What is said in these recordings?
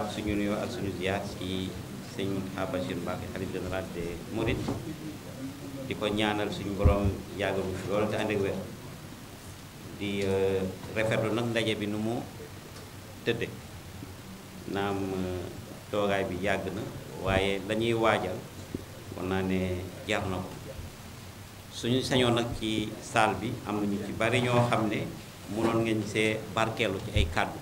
delluwaat suñu nuyoo ak suñu ziar ci sëñ Mountakha Bachir Mbacké xalifa général des Mourides di ko ñaanal suñu borom yàggal fi loolu te ànd ak wér di euh, rafetlu nag ndaje bi nu mu tëdde naam euh, toogaay bi yàgg na waaye dañuy waajal kon naa ne jar na ko suñu sañoon nag ci salle bi am na ñu ci bari ñoo xam ne mënoon ngeen see barkeelu ci ay kàddu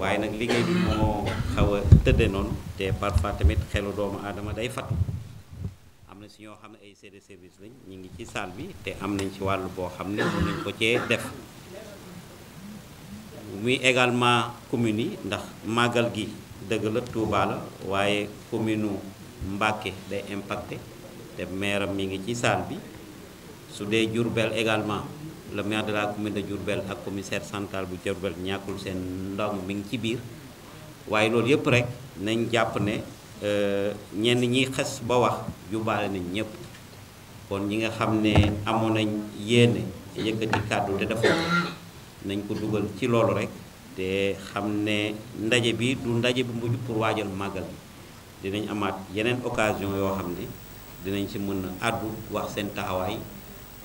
waaye nag liggéey bi moo xaw a tëdde noonu te parfois tamit xelu doomu aadama day fatu am na si ñoo xam ne ay seede service lañ ñu ngi ci salle bi te am nañ ci wàll boo xam ne mën nañ ko cee def muy également communes yi ndax màggal gi dëgg la Touba la waaye commune Mbacké day impacté te maire mi ngi ci salle bi su dee Diourbel également le maire de la commune de Diourbel ak commissaire central bu Diourbel ñàkkul seen ndam mi ngi ci biir waaye loolu yëpp rek nañ jàpp ne euh, ñenn ñiy xes ba wax jubaale nañ ñëpp kon ñi nga xam ne amoon nañ yéene yëkkati kàddu te nañ ko dugal ci loolu rek te xam ne ndaje bi du ndaje bi mujj pour waajal màggal bi dinañ amaat yeneen occasion yoo xam ne dinañ si mën a wax seen taxawaay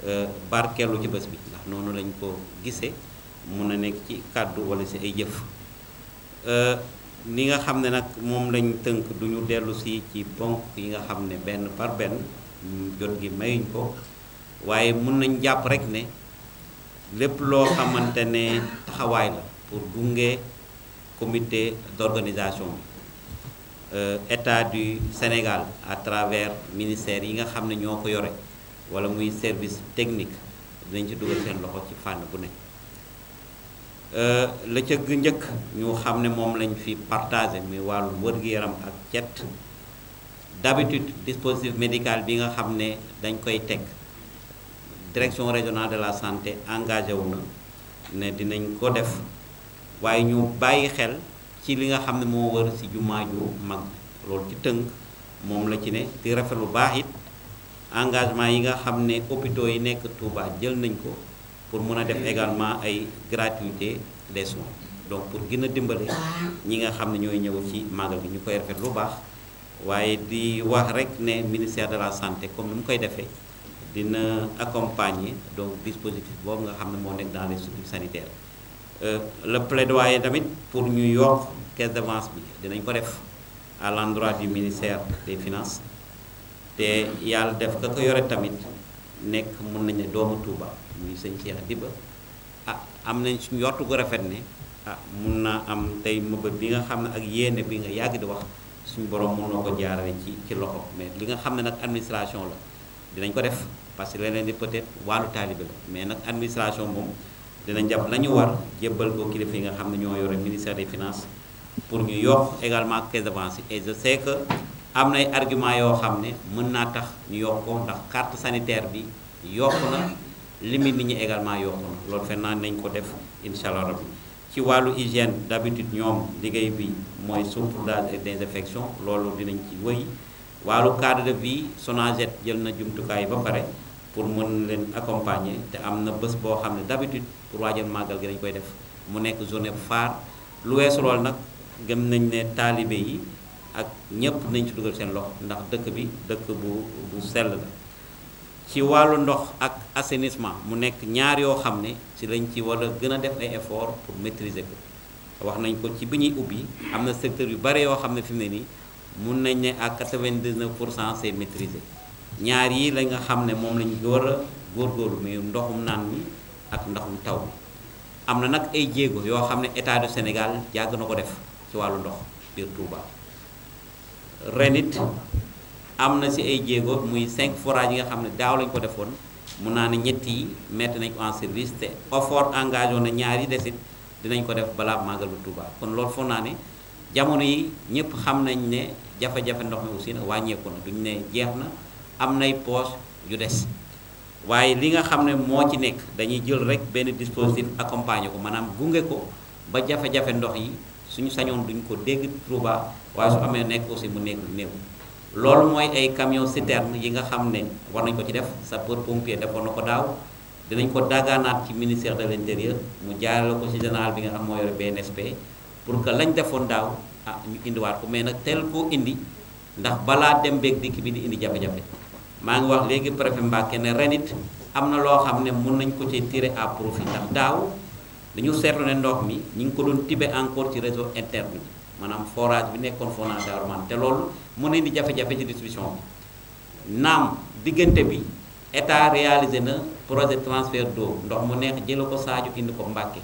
Euh, barkellu ci bés bi ndax noonu lañ ko gisee mun na nekk ci kàddu wala si ay jëf li euh, nga xam ne nag moom lañ tënk duñu dellu si ci bonk yi nga xam ne benn par benn jot gi mayuñ ko waaye mun nañ jàpp rek ne lépp loo xamante ne taxawaay la pour gunge comité d'organisation bi euh, état du Sénégal à travers ministère yi nga xam ne ñoo ko yore wala muy service technique dinañ ci dugal seen loxo ci fànn bu ne euh, la ca njëkk ñu xam ne moom lañ fi partagé muy wàllu wër-gi-yaram ak cet d'habitude dispositif médical bi nga xam ne dañ koy teg direction régionale de la santé engagé wu na ne dinañ ko def waaye ñu bàyyi xel ci li nga xam ne moo wër si jumaa ju mag loolu ci tënk moom la ci ne di rafet lu baax it engagement yi nga xam ne hôpitaux yi nekk Touba jël nañ ko pour mun a def également ay gratuité des soins donc pour gën a dimbale ñi nga xam ne ñooy ñëw ci màggal gi ñu koy rafet lu baax waaye di wax rek ne ministère de la santé comme ni mu koy defee dina accompagner donc dispositif boobu nga xam ne moo nekk dans les structures sanitaires euh, le plaidoyer tamit pour ñu yokk caisse d'avance bi dinañ ko def à l'endroit du ministère des finances te yàlla def ka ko yore tamit nekk mun nañ ne doomu Touba muy sëñ Cheikh Diba ah am nañ suñ yortu gu rafet ne ah mun naa am tey mëbët bi nga xam ne ak yéene bi nga yàgg di wax suñu borom mun na ko jaarale ci ci loxo mais li nga xam ne nag administration la dinañ ko def parce que leneen di peut-être wàllu taalibe la mais nag administration moom dinañ jàpp la ñu war jébbal ko kilifa yi nga xam ne ñoo yore ministère des finance pour ñu yokk également caisse d'avance am nay argument yoo xam ne mën naa tax ñu yokk ko ndax carte sanitaire bi yokk na limite nit ñu également yokk na loolu fenn nañ ko def incha allah rabbi ci wàllu hygiène d'habitude ñoom liggéey bi mooy saupoudrage et désinfection loolu dinañ ci wëy wàllu cadre de vie Sonaged jël na jumtukaay ba pare pour mën leen accompagner te am na bés boo xam ne d'habitude pour waa waajal màggal gi dañ koy def mu nekk journée phare lu weesu loolu nag gëm nañ ne taalibe yi ak ñépp nañ ci dugal seen loxo ndax dëkk bi dëkk bu bu sell la ci wàllu ndox ak assainissement mu nekk ñaar yoo xam ne ci lañ ci wala gën a def ay effort pour maîtriser ko wax nañ ko ci bi ñuy ubbi am na secteur yu bare yoo xam ne fim ne nii mun nañ ne à 99 pour cent c'est maîtrisé ñaar yii la nga xam ne moom lañ war a góorgóorlu muy ndoxum naan mi ak ndoxum taw mi am na nag ay jéego yoo xam ne état du Sénégal jàgg na ko def ci wàllu ndox biir Touba. ren it am na si ay jéego muy 5 forage yi nga xam ne daaw lañ ko defoon mun naa ne ñett yi mettre nañ ko en service te engage engagé na ñaari yi desit dinañ ko def balaa bu Tuuba kon loolu foog naa ne jamono yi ñëpp xam nañ ne jafe-jafe ndox mi aussi nag wàññeeku na duñ ne jeex na am nay poche yu des waaye li nga xam ne moo ci nekk dañuy jël rek benn dispositif accompagné ko maanaam gunge ko ba jafe-jafe ndox yi suñu sañoon duñ ko dégg trouba waaye su amee nekk aussi mu nekk néew loolu mooy ay camion citerne yi nga xam ne war nañ ko ci def sa sapeur pompier defoon na ko daaw dinañ ko dagaanaat ci ministère de l'intérieur mu jaarale ko ci général bi nga xam moo yore BNSP pour que lañ defoon daaw ah ñu indiwaat ko mais nag teel koo indi ndax balaa dem beeg dikk bi di indi jafe-jafe maa ngi wax léegi préfet Mbacké ne ren it am na loo xam ne mun nañ ko ci tirer à daaw dañu seetlu ne ndox mi ñu ngi ko doon tibe encore ci réseau interne bi maanaam forage bi nekkoon forage Darou te loolu mën nañ di jafe-jafe ci distribution bi naam diggante bi état réalisé na projet transfert d'eau ndox mu neex jëla ko Sadio indi ko Mbàkke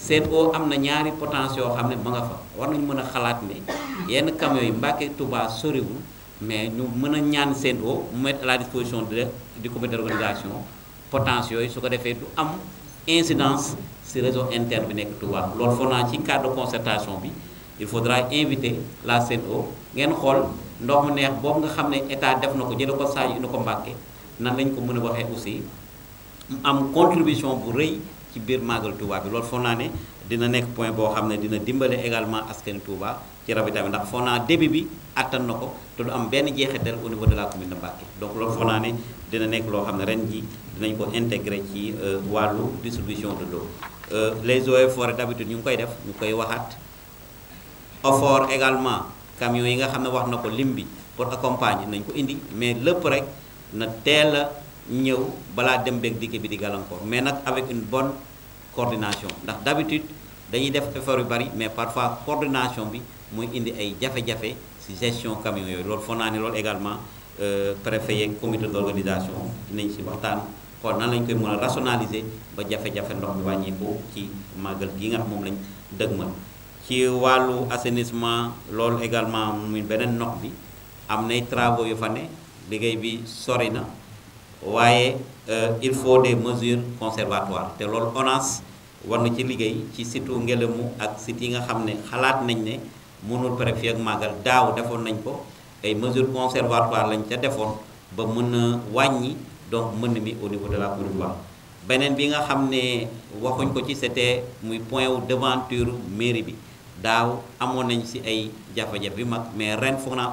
SEN'EAU am na ñaari potence yoo xam ne ma nga fa war nañu mën a xalaat ne yenn camions yi Mbàkke Touba soriwul mais ñu mën a ñaan SEN'EAU mu mettre à la disposition de du comité d'organisation potence yooyu su ko defee du am incidence ci réseau interne bi nekk tubaab loolu foog naa ci cadre concertation bi il faudra inviter la CNO ngeen xool ndox mu neex boobu nga xam ne état def na ko jële ko Sadio indi ko Mbàkke nan lañ ko mën a waxee aussi mu am contribution bu rëy ci biir màggal tubaab bi loolu foog naa ne dina nekk point boo xam ne dina dimbale également askani Touba ci ravitaillement ndax foog naa début bi attan na ko te du am benn jeexital au niveau de la commune de Mbacké donc loolu foog ne dina nekk loo xam ne ren ji dinañ ko intégré ci euh, wàllu distribution de l'eau euh, les eaux et forêts d'habitude ñu ngi koy def ñu koy waxaat effort également camions yi nga xam ne wax na ko lim bi pour accompagner nañ ko indi mais lépp rek na teel ñëw balaa dem beeg dikk bi di gàllankoor mais nag avec une coordination dañuy def effort yu bari mais parfois coordination bi muy indi ay jafe-jafe ci gestion camion yooyu loolu foo naa ne loolu également euh, préfet yeeg comité d'organisation dinañ ci waxtaan xool nan lañ koy mën ba jafe-jafe ndox bi wàññeeku ci màggal gi nga xam moom lañ dëgmal ci wàllu assainissement loolu également muy beneen ndox bi am nay travaux yu fa ne liggéey bi sori na waaye euh, il faut des mesures conservatoires te loolu ONAS war na ci liggéey ci situ ngelamu ak sit yi nga xam ne xalaat nañ ne mënul préfet ak màggal daaw defoon nañ ko ay mesures conservatoires lañ ca defoon ba mën na wàññi donc mën mi au niveau de la commune beneen bi nga xam ne waxuñ ko ci c'était muy point wu devanture mairie bi daaw amoon nañ si ay jafe-jafe yu mag mais ren foog naa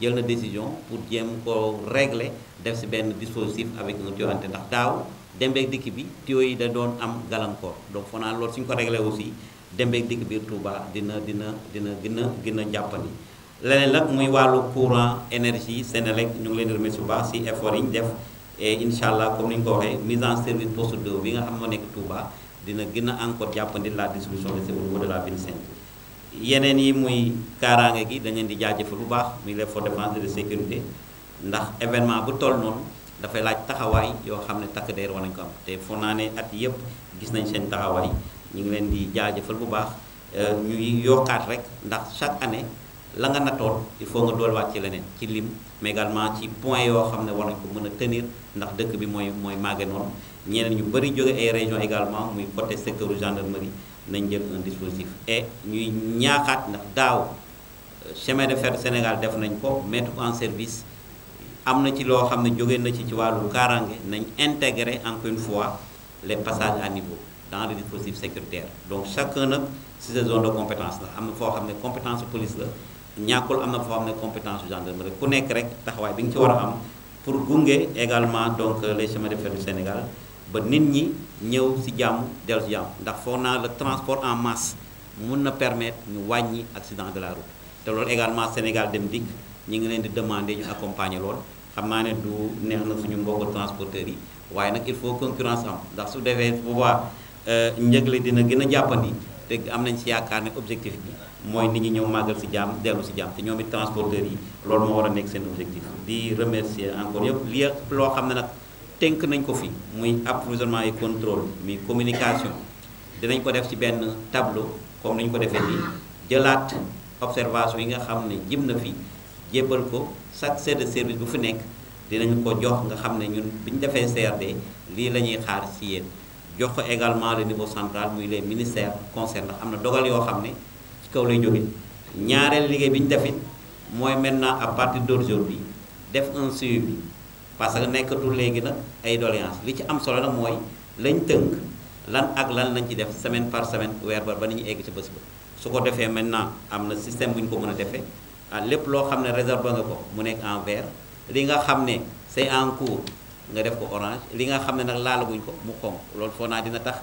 jël na décision pour jéem ko regle def si benn dispositif avec un joxante ndax daaw dembeek dikk bi tuyaux yi da doon am gàllankoor doo foo naa loolu suñu ko réglé aussi dembeek dikk bi Touba dina dina dina gën a gën a jàppandi leneen la muy wàllu courant énergie Sénélec ñu ngi leen di remercier bu baax si effort yi ñu def et incha allah comme ni ñu ko waxee mise en service poste d'eau bi nga xam moo nekk Touba dina gën a encore jàppandi la distribution de au niveau de la ville sainte yeneen yi muy kaaraange gi dañ leen di jaajëfal bu baax muy les forces de défense et de sécurité ndax événement bu toll noonu dafay laaj taxawaay yoo xam ne takk der war nañ ko am te foog naa ne at yëpp gis nañ seen taxawaay ñu ngi leen di jaajëfal bu baax euh, ñuy yokkaat rek ndax chaque année la nga natoon il faut nga dolliwaat ci leneen ci lim mais également ci point yoo xam ne war nañ ko mën a tenir ndax dëkk bi mooy mooy màgge noonu ñeneen ñu bëri jóge ay région également muy côté secteur gendarmerie nañ jël un dispositif et ñuy ñaaxaat ndax daaw euh, chemin de fer Sénégal def nañ ko mettre en service am na ci loo xam ne jóge na ci ci wàllu kaaraange nañ intégré encore une fois les passages à niveau dans le dispositif sécuritaire donc chacun nag si sa zone de compétence la am na foo xam ne compétence police la ñàkkul am na foo xam ne compétence gendarmerie ku nekk rek taxawaay bi nga ci war a am pour gunge également donc les chemins de fer du Sénégal ba nit ñi ñëw si jàmm dellu si jàmm ndax foo naa le transport en masse mun na permettre ñu wàññi accident de la te loolu également Sénégal dem dikk ñu ngi leen di demander accompagner lool xam naa ne du neex na suñu mbokk transporteurs yi waaye nag il faut concurrence am ndax su defee bu boobaa euh, njëg la dina gën a jàppandi te am nañ si yaakaar ne objectif bi mooy nit ñi ñëw màggal si jàmm dellu si jàmm te ñoom it transporteurs yi loolu moo war a nekk seen objectif di remercier encore yëpp li loo xam ne nag tënk nañ ko fi muy approvisionnement et contrôle muy communication dinañ ko def ci benn tableau comme ni ñu ko defee nii jëlaat observation yi nga xam ne jëm na fi jébbal ko chaque chef de service bu fi nekk dinañ ko jox nga xam ne ñun bi ñu defee CRD lii la ñuy xaar ci yéen jox ko également le niveau central muy les ministères concernés ndax am na dogal yoo xam ne ci kaw lay jóge ñaareel liggéey bi ñu defit mooy maintenant à partir d'aujourd'hui def un suivi bi parce que nekkatul léegi nag ay doléance li ci am solo nag mooy lañ tënk lan ak lan lañ ci def semaine par semaine weer ba ba ni ñu egg ci bés ba su ko defee maintenant am na système bu ñu ko mën a defee ah lépp loo xam ne ba nga ko mu nekk en vert li nga xam ne c'est en nga def ko orange li nga xam ne nag laalaguñ ko mu xonk loolu foo naa dina tax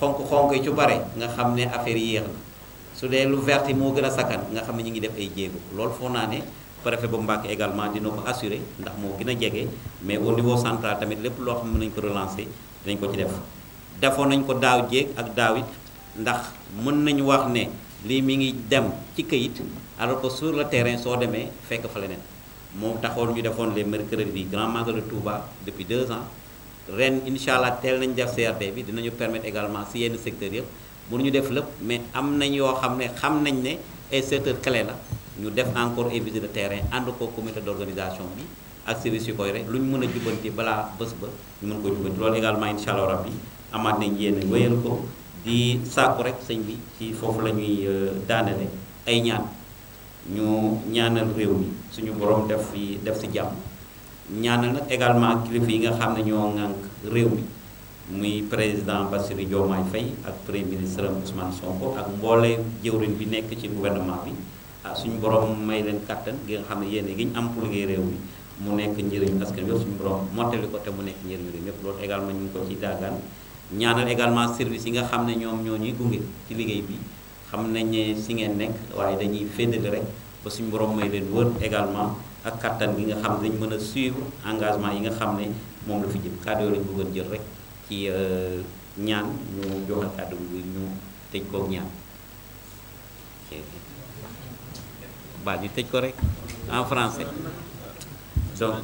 xonk-xonk yi ci bare nga xam ne affaire yi yéex na su dee lu vert moo gën a sakkan nga xam ne ñu ngi def ay jéeg loolu foo naa ne préfet bu mbàkk également dina ko assurer ndax moo gën a jege mais au niveau central tamit lépp loo xam ne nañ ko relancer dinañ ko ci def defoon nañ ko daaw jéeg ak daaw it ndax mën nañu wax ne. lii mi ngi dem ci kayit alors que sur le terrain soo demee fekk fa leneen moom taxoon ñu defoon les mercredis grand magal de Touba depuis deux ans ren incha allah teel nañu def CRD bi dinañu permettre également si yenn secteurs yëpp ñu def lépp mais am nañ yoo xam ne xam nañ ne ay secteurs clés la ñu def encore ay de terrain ànd ko comité d' bi ak service yu koy rek lu ñu mën a jubanti balaa bës ba ñu mën ko jubanti loolu également incha allah rabbi amaat nañ yéen wéyal ko di sàkku rek sëñ bi ci foofu la ñuy euh, daanale ay ñaan ñu ñaanal réew mi suñu borom def fi def si jàmm ñaanal nag également kilifa yi nga xam ne ñoo ŋànk réew mi muy président Bassirou Diomaye Faye ak premier ministre Ousmane Sonko ak mboolee jëwriñ bi nekk ci gouvernement bi ah suñu borom may leen kàttan gi nga xam ne yéene gi ñu am pour liggéey réew mi mu nekk njëriñu askan wi suñu borom mottali ko te mu nekk njëriñu réew mi yëpp loolu également ñu ngi ko ci daagaan ñaanal également service yi nga xam ne ñoom ñoo ñuy gunge ci liggéey bi xam nañ ne si ngeen nekk waaye dañuy féddali rek ba suñu borom mooy leen wër également ak kattan gi nga xam ne dañ mën a suivre engagement yi nga xam ne moom la fi jëm kàddu yooyu lañ bëggoon jël rek ci euh, ñaan ñu joxal kàddu bi ñu tëj kook ñaan ba ñu tëj ko rek en français donc